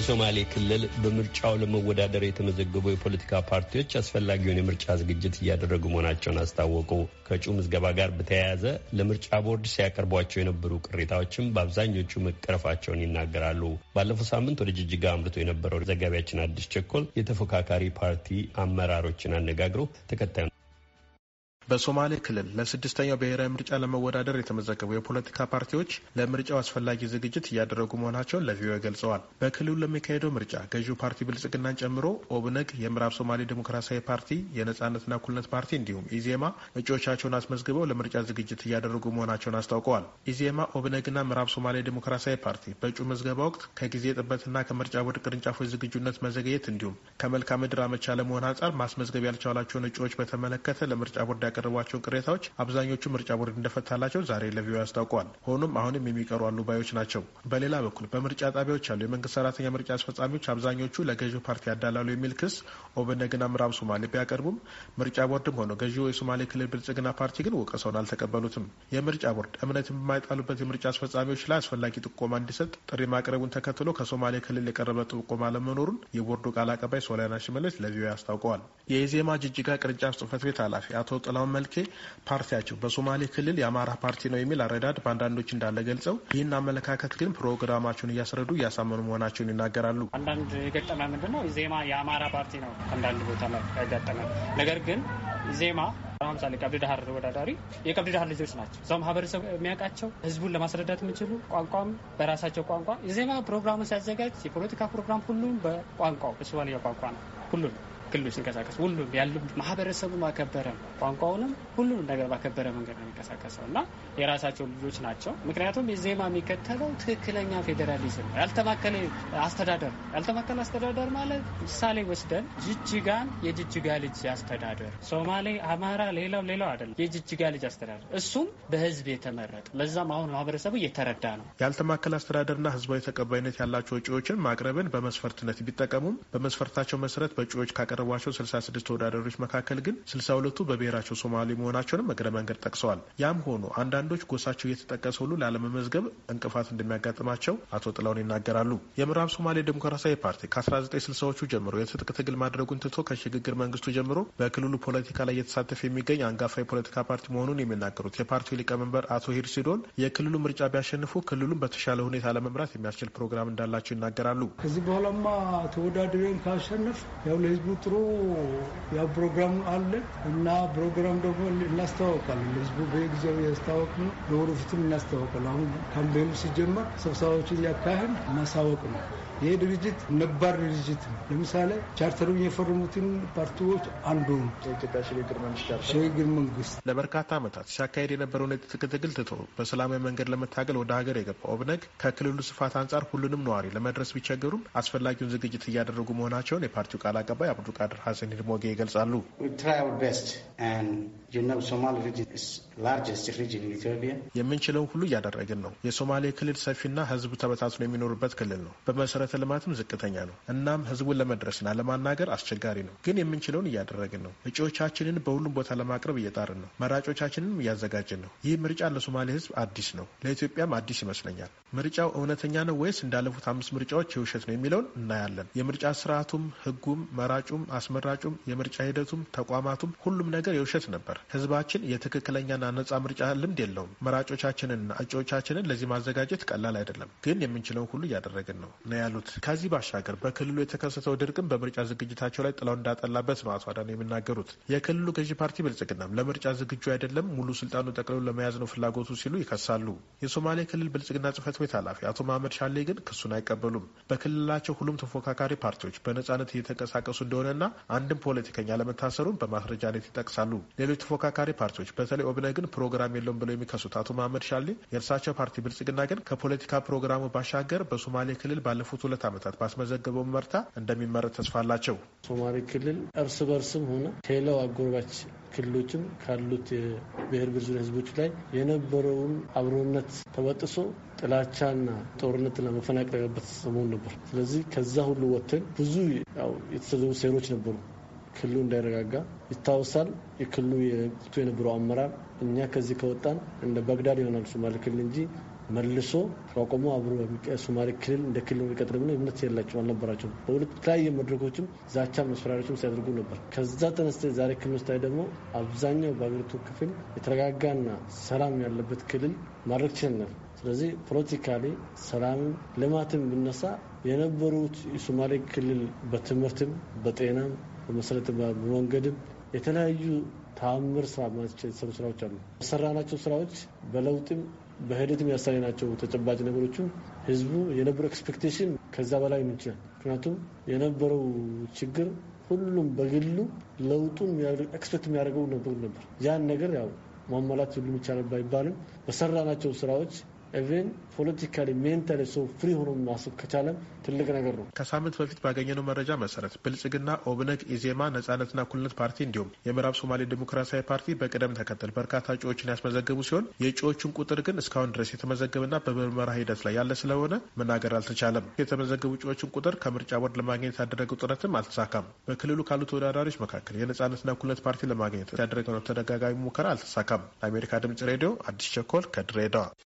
በሶማሌ ክልል በምርጫው ለመወዳደር የተመዘገቡ የፖለቲካ ፓርቲዎች አስፈላጊውን የምርጫ ዝግጅት እያደረጉ መሆናቸውን አስታወቁ። ከእጩ ምዝገባ ጋር በተያያዘ ለምርጫ ቦርድ ሲያቀርቧቸው የነበሩ ቅሬታዎችም በአብዛኞቹ መቀረፋቸውን ይናገራሉ። ባለፈው ሳምንት ወደ ጅጅጋ አምርቶ የነበረው ዘጋቢያችን አዲስ ቸኮል የተፎካካሪ ፓርቲ አመራሮችን አነጋግሮ ተከታዩ በሶማሌ ክልል ለስድስተኛው ብሔራዊ ምርጫ ለመወዳደር የተመዘገቡ የፖለቲካ ፓርቲዎች ለምርጫው አስፈላጊ ዝግጅት እያደረጉ መሆናቸውን ለቪኦኤ ገልጸዋል። በክልሉ ለሚካሄደው ምርጫ ገዢው ፓርቲ ብልጽግናን ጨምሮ ኦብነግ፣ የምዕራብ ሶማሌ ዴሞክራሲያዊ ፓርቲ፣ የነጻነትና እኩልነት ፓርቲ እንዲሁም ኢዜማ እጩዎቻቸውን አስመዝግበው ለምርጫ ዝግጅት እያደረጉ መሆናቸውን አስታውቀዋል። ኢዜማ፣ ኦብነግና ምዕራብ ሶማሌ ዴሞክራሲያዊ ፓርቲ በእጩ መዝገባ ወቅት ከጊዜ ጥበትና ከምርጫ ቦርድ ቅርንጫፎች ዝግጁነት መዘገየት እንዲሁም ከመልክዓ ምድር አመቺ ለመሆን አንጻር ማስመዝገብ ያልቻላቸውን እጩዎች በተመለከተ ለምርጫ ቦርድ ያቀረቧቸውን ቅሬታዎች አብዛኞቹ ምርጫ ቦርድ እንደፈታላቸው ዛሬ ለቪዮ አስታውቀዋል። ሆኖም አሁንም የሚቀሩ አሉ ባዮች ናቸው። በሌላ በኩል በምርጫ ጣቢያዎች ያሉ የመንግስት ሰራተኛ ምርጫ አስፈጻሚዎች አብዛኞቹ ለገዢው ፓርቲ ያዳላሉ የሚል ክስ ኦብነግና ምዕራብ ሶማሌ ቢያቀርቡም ምርጫ ቦርድም ሆነ ገዢው የሶማሌ ክልል ብልጽግና ፓርቲ ግን ወቀሰውን አልተቀበሉትም። የምርጫ ቦርድ እምነትን በማይጣሉበት የምርጫ አስፈጻሚዎች ላይ አስፈላጊ ጥቆማ እንዲሰጥ ጥሪ ማቅረቡን ተከትሎ ከሶማሌ ክልል የቀረበ ጥቆማ ለመኖሩን የቦርዱ ቃል አቀባይ ሶሊያና ሽመልስ ለቪኦኤ አስታውቀዋል። የኢዜማ ጅጅጋ ቅርንጫፍ ጽህፈት ቤት ኃላፊ አቶ ጥላሁን መልኬ ፓርቲያቸው በሶማሌ ክልል የአማራ ፓርቲ ነው የሚል አረዳድ በአንዳንዶች እንዳለ ገልጸው ይህን አመለካከት ግን ፕሮግራማቸውን እያስረዱ እያሳመኑ መሆናቸውን ይናገራሉ። አንዳንድ የገጠመ ምንድነው ዜማ የአማራ ፓርቲ ነው አንዳንድ ቦታ ላይ ያጋጠመ ነገር ግን ዜማ ለምሳሌ ቀብድ ዳህር ተወዳዳሪ የቀብድ ዳህር ልጆች ናቸው። እዛው ማህበረሰብ የሚያውቃቸው ህዝቡን ለማስረዳት የሚችሉ ቋንቋም በራሳቸው ቋንቋ የዜማ ፕሮግራሙ ሲያዘጋጅ የፖለቲካ ፕሮግራም ሁሉም በቋንቋው በሶማሊያ ቋንቋ ነው ሁሉም ክልሎች ሲንቀሳቀስ ሁሉም ያሉ ማህበረሰቡ ማከበረ ቋንቋውንም ሁሉንም ነገር ባከበረ መንገድ ነው የሚንቀሳቀሰው እና የራሳቸው ልጆች ናቸው። ምክንያቱም የዜማ የሚከተለው ትክክለኛ ፌዴራሊዝም ያልተማከለ አስተዳደር ያልተማከለ አስተዳደር ማለት ምሳሌ ወስደን ጅጅጋን የጅጅጋ ልጅ አስተዳደር፣ ሶማሌ፣ አማራ፣ ሌላው ሌላው አይደለም የጅጅጋ ልጅ አስተዳደር እሱም በህዝብ የተመረጠ ለዛም አሁን ማህበረሰቡ እየተረዳ ነው። ያልተማከለ አስተዳደርና ህዝባዊ ተቀባይነት ያላቸው እጩዎችን ማቅረብን በመስፈርትነት ቢጠቀሙም በመስፈርታቸው መሰረት በእጩዎች ካቀረ ካቀረቧቸው 66 ተወዳዳሪዎች መካከል ግን 62ቱ በብሔራቸው ሶማሌ መሆናቸውንም እግረ መንገድ ጠቅሰዋል። ያም ሆኖ አንዳንዶች ጎሳቸው እየተጠቀሰ ሁሉ ላለመመዝገብ እንቅፋት እንደሚያጋጥማቸው አቶ ጥላውን ይናገራሉ። የምዕራብ ሶማሌ ዴሞክራሲያዊ ፓርቲ ከ1960ዎቹ ጀምሮ የትጥቅ ትግል ማድረጉን ትቶ ከሽግግር መንግስቱ ጀምሮ በክልሉ ፖለቲካ ላይ እየተሳተፈ የሚገኝ አንጋፋ የፖለቲካ ፓርቲ መሆኑን የሚናገሩት የፓርቲው ሊቀመንበር አቶ ሂር ሲዶን የክልሉ ምርጫ ቢያሸንፉ ክልሉን በተሻለ ሁኔታ ለመምራት የሚያስችል ፕሮግራም እንዳላቸው ይናገራሉ። ከዚህ በኋላማ ተወዳድሬን ካሸነፍ ያው ለህዝቡ ጥሩ ያው ፕሮግራም አለ እና ፕሮግራም ደግሞ እናስተዋወቃለን። ህዝቡ በጊዜው ያስታወቅ ነው። ለወደፊትም እናስተዋወቃል። አሁን ካምፔኑ ሲጀመር ስብሰባዎችን ሊያካሂድ ማሳወቅ ነው። ይህ ድርጅት ነባር ድርጅት ነው። ለምሳሌ ቻርተሩን የፈረሙትን ፓርቲዎች አንዱ ነው ሽግግር መንግስት። ለበርካታ ዓመታት ሲያካሄድ የነበረውን የትጥቅ ትግል ትቶ በሰላማዊ መንገድ ለመታገል ወደ ሀገር የገባው ኦብነግ ከክልሉ ስፋት አንጻር ሁሉንም ነዋሪ ለመድረስ ቢቸገሩም አስፈላጊውን ዝግጅት እያደረጉ መሆናቸውን የፓርቲው ቃል አቀባይ አብዱልቃድር ሀሰን ድሞጌ ይገልጻሉ። የምንችለው ሁሉ እያደረግን ነው። የሶማሌ ክልል ሰፊና ህዝብ ተበታትኖ የሚኖርበት ክልል ነው። መሰረተ ልማትም ዝቅተኛ ነው። እናም ህዝቡን ለመድረስና ለማናገር አስቸጋሪ ነው። ግን የምንችለውን እያደረግን ነው። እጩዎቻችንን በሁሉም ቦታ ለማቅረብ እየጣርን ነው። መራጮቻችንንም እያዘጋጅን ነው። ይህ ምርጫ ለሶማሌ ህዝብ አዲስ ነው፣ ለኢትዮጵያም አዲስ ይመስለኛል። ምርጫው እውነተኛ ነው ወይስ እንዳለፉት አምስት ምርጫዎች የውሸት ነው የሚለውን እናያለን። የምርጫ ስርዓቱም፣ ህጉም፣ መራጩም፣ አስመራጩም፣ የምርጫ ሂደቱም፣ ተቋማቱም ሁሉም ነገር የውሸት ነበር። ህዝባችን የትክክለኛና ነጻ ምርጫ ልምድ የለውም። መራጮቻችንንና እጩዎቻችንን ለዚህ ማዘጋጀት ቀላል አይደለም። ግን የምንችለውን ሁሉ እያደረግን ነው ነው ያሉ ያሉት። ከዚህ ባሻገር በክልሉ የተከሰተው ድርቅም በምርጫ ዝግጅታቸው ላይ ጥላው እንዳጠላበት ነው አቶ አዳነ የሚናገሩት። የክልሉ ገዢ ፓርቲ ብልጽግናም ለምርጫ ዝግጁ አይደለም፣ ሙሉ ስልጣኑ ጠቅልሎ ለመያዝ ነው ፍላጎቱ ሲሉ ይከሳሉ። የሶማሌ ክልል ብልጽግና ጽህፈት ቤት ኃላፊ አቶ ማህመድ ሻሌ ግን ክሱን አይቀበሉም። በክልላቸው ሁሉም ተፎካካሪ ፓርቲዎች በነጻነት እየተንቀሳቀሱ እንደሆነና አንድም ፖለቲከኛ ለመታሰሩን በማስረጃነት ይጠቅሳሉ። ሌሎች ተፎካካሪ ፓርቲዎች በተለይ ኦብነግን ግን ፕሮግራም የለውም ብለው የሚከሱት አቶ መሀመድ ሻሌ የእርሳቸው ፓርቲ ብልጽግና ግን ከፖለቲካ ፕሮግራሙ ባሻገር በሶማሌ ክልል ባለፉት ሁለት ዓመታት ባስመዘገበው መርታ እንደሚመረት ተስፋ አላቸው። ሶማሌ ክልል እርስ በርስም ሆነ ከሌላው አጎራባች ክልሎችም ካሉት የብሔር ብዙ ህዝቦች ላይ የነበረውን አብሮነት ተበጥሶ ጥላቻና ጦርነት ለመፈናቀል ሰሞን ነበር። ስለዚህ ከዛ ሁሉ ወጥተን ብዙ የተሰዘቡ ሴሮች ነበሩ። ክልሉ እንዳይረጋጋ ይታወሳል። የክልሉ የወቅቱ የነበረው አመራር እኛ ከዚህ ከወጣን እንደ ባግዳድ ይሆናል ሶማሌ ክልል እንጂ መልሶ ተቋቁሞ አብሮ ሶማሌ ክልል እንደ ክልል የሚቀጥል ብሎ እምነት የላቸው አልነበራቸውም። በተለያየ መድረኮችም ዛቻ መስፈራሪዎችም ሲያደርጉ ነበር። ከዛ ተነስተ ዛሬ ክልል ውስጥ ደግሞ አብዛኛው በአገሪቱ ክፍል የተረጋጋና ሰላም ያለበት ክልል ማድረግ ችለናል። ስለዚህ ፖለቲካሊ ሰላምም ልማትም ብነሳ የነበሩት የሶማሌ ክልል በትምህርትም፣ በጤናም፣ በመሰረተ በመንገድም የተለያዩ ታምር ስራ ስራዎች አሉ። ሰራናቸው ስራዎች በለውጥም በሂደትም ያሳየናቸው ተጨባጭ ነገሮችም ህዝቡ የነበረው ኤክስፔክቴሽን ከዛ በላይ ምን ይችላል። ምክንያቱም የነበረው ችግር ሁሉም በግሉ ለውጡን ኤክስፔክት የሚያደርገው ነበር ነበር ያን ነገር ያው ማሟላት ሁሉም ይቻላል ባይባልም በሰራናቸው ስራዎች ኢቭን ፖለቲካሊ ሜንታሊ ሰው ፍሪ ሆኖ ማሰብ ከቻለ ትልቅ ነገር ነው። ከሳምንት በፊት ባገኘነው መረጃ መሰረት ብልጽግና፣ ኦብነግ፣ ኢዜማ፣ ነጻነትና እኩልነት ፓርቲ እንዲሁም የምዕራብ ሶማሌ ዴሞክራሲያዊ ፓርቲ በቅደም ተከተል በርካታ እጩዎችን ያስመዘገቡ ሲሆን የእጩዎቹን ቁጥር ግን እስካሁን ድረስ የተመዘገበና በምርመራ ሂደት ላይ ያለ ስለሆነ መናገር አልተቻለም። የተመዘገቡ እጩዎችን ቁጥር ከምርጫ ቦርድ ለማግኘት ያደረገው ጥረትም አልተሳካም። በክልሉ ካሉ ተወዳዳሪዎች መካከል የነጻነትና እኩልነት ፓርቲ ለማግኘት ያደረገው ተደጋጋሚ ሙከራ አልተሳካም። ለአሜሪካ ድምጽ ሬዲዮ አዲስ ቸኮል ከድሬዳዋ